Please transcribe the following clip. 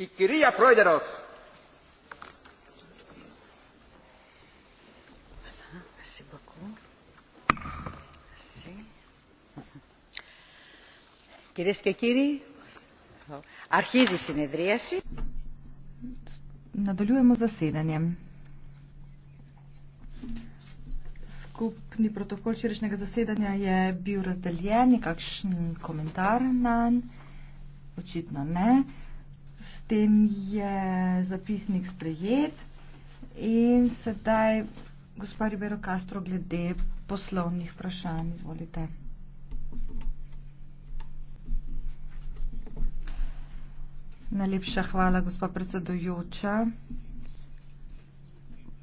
Y quería aplaudiros. Merci beaucoup. Merci. Κυρίες και κύριοι, αρχίζει η συνεδρίαση. Надолюємо засідання. Скупний протокол вчорашнього засідання є був розділений, якщо коментар на очевидно не. S tem je zapisnik sprejet in sedaj gospod Ribero Castro glede poslovnih vprašanj. Izvolite. Najlepša hvala, gospod predsedujoča.